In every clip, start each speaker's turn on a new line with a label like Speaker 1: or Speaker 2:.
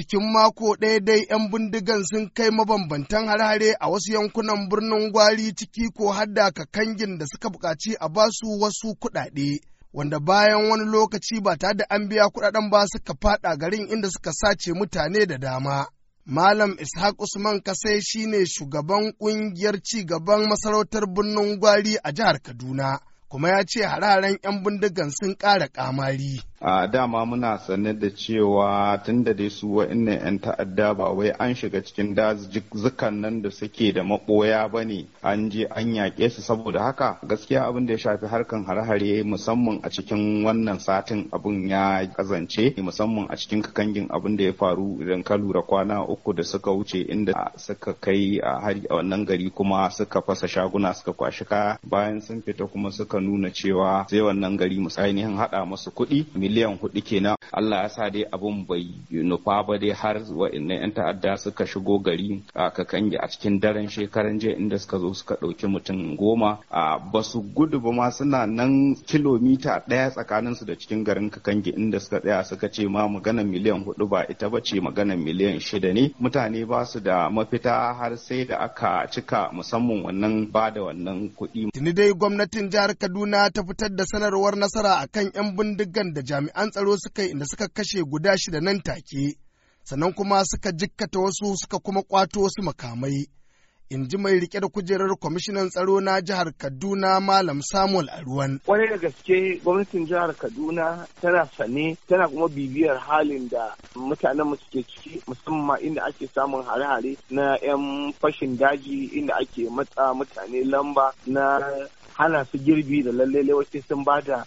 Speaker 1: cikin mako ɗaya dai 'yan bindigan sun kai mabambantan har-hare a wasu yankunan birnin gwari ciki ko hadda kangin da suka buƙaci a basu wasu kuɗaɗe. wanda bayan wani lokaci ba tare da an biya kuɗaɗen ba suka faɗa garin inda suka sace mutane da dama. Malam Ishaq Usman Kasai shi ne shugaban ƙungiyar ci gaban masarautar birnin Gwari a jihar Kaduna, kuma ya ce hararen 'yan bindigan sun ƙara ƙamari.
Speaker 2: a dama muna sanar da cewa tun da dai su wa'annan 'yan ta'adda ba wai an shiga cikin dazukan nan da suke da maɓoya ba ne an je an yaƙe su saboda haka gaskiya abin da ya shafi harkan hare-hare musamman a cikin wannan satin abin ya kazance musamman a cikin kakangin abin da ya faru idan ka lura kwana uku da suka wuce inda suka kai a hari a wannan gari kuma suka fasa shaguna suka kwashi kaya bayan sun fita kuma suka nuna cewa sai wannan gari ainihin haɗa musu kuɗi miliyan hudu kenan Allah ya sa dai abun bai nufa ba dai har wa'annan 'yan ta'adda suka shigo gari a kakangi a cikin daren shekaran jiya inda suka zo suka ɗauki mutum goma a ba su gudu ba ma suna nan kilomita ɗaya tsakanin su da cikin garin in inda suka tsaya suka ce ma maganar miliyan hudu ba ita ba ce maganar miliyan shida ne mutane ba su da mafita har sai da aka cika musamman wannan ba
Speaker 1: da wannan kuɗi. Tuni dai gwamnatin jihar Kaduna ta fitar da sanarwar nasara akan 'yan bindigan da jami'an jami'an tsaro suka inda suka kashe guda shida nan take, sannan kuma suka jikkata wasu suka kuma kwato wasu makamai. in ji mai rike da kujerar kwamishinan tsaro na jihar kaduna malam samuel aruwan
Speaker 3: kwarai da gaske gwamnatin jihar kaduna tana sane tana kuma bibiyar halin da mutanen mu suke ciki musamman inda ake samun hare-hare na 'yan fashin daji inda ake matsa mutane lamba na hana su girbi da lalle wasu sun ba da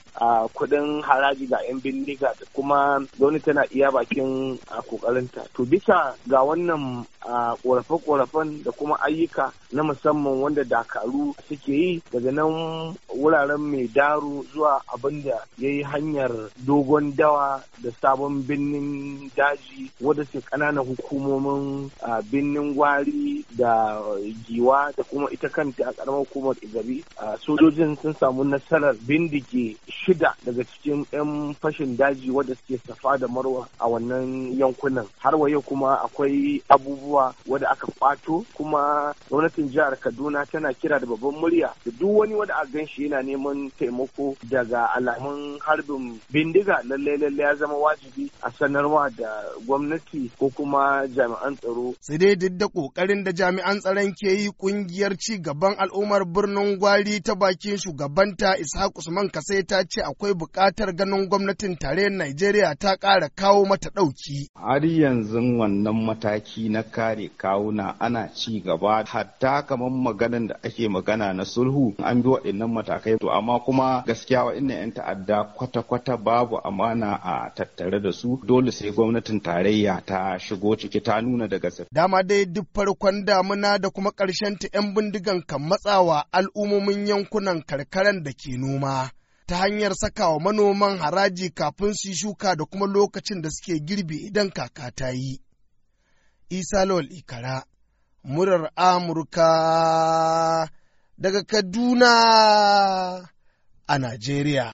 Speaker 3: kuɗin haraji ga 'yan bindiga da kuma gwamnati tana iya bakin kokarinta to bisa ga wannan a korafe-korafen da kuma ayyuka na musamman wanda dakaru suke yi daga nan wuraren mai daru zuwa abin da ya yi hanyar dogon dawa da sabon birnin daji wadda su ƙananan hukumomin birnin gwari da giwa da kuma ita kanta a karamar hukumar igabi sojojin sun samu nasarar bindige shida daga cikin 'yan fashin daji wadda suke safa da marwa a wannan yankunan har wa yau kuma akwai abubuwa abubuwa wadda aka kwato kuma gwamnatin jihar kaduna tana kira da babban murya da duk wani wadda a ganshi yana neman taimako daga alamun harbin bindiga lallai lallai ya zama wajibi a sanarwa da gwamnati ko kuma jami'an tsaro
Speaker 1: sai dai duk da kokarin da jami'an tsaron ke yi kungiyar ci gaban al'ummar birnin gwari ta bakin shugabanta ishaq usman kasai ta ce akwai buƙatar ganin gwamnatin tarayyar najeriya ta ƙara kawo mata ɗauki
Speaker 2: har yanzu wannan mataki na kare kawuna ana ci gaba hatta kamar maganan da ake magana na sulhu an bi waɗannan matakai to amma kuma gaskiya waɗannan 'yan ta'adda kwata-kwata babu amana a tattare da su dole sai gwamnatin tarayya ta shigo ciki ta nuna daga sa
Speaker 1: Dama dai duk farkon damuna da kuma karshen ta 'yan bindigan kan matsawa al'ummomin yankunan karkaran da ke noma. ta hanyar sakawa manoman haraji kafin su yi shuka da kuma lokacin da suke girbi idan kaka ta yi. Isa lol Ikara, murar Amurka daga Kaduna a Najeriya.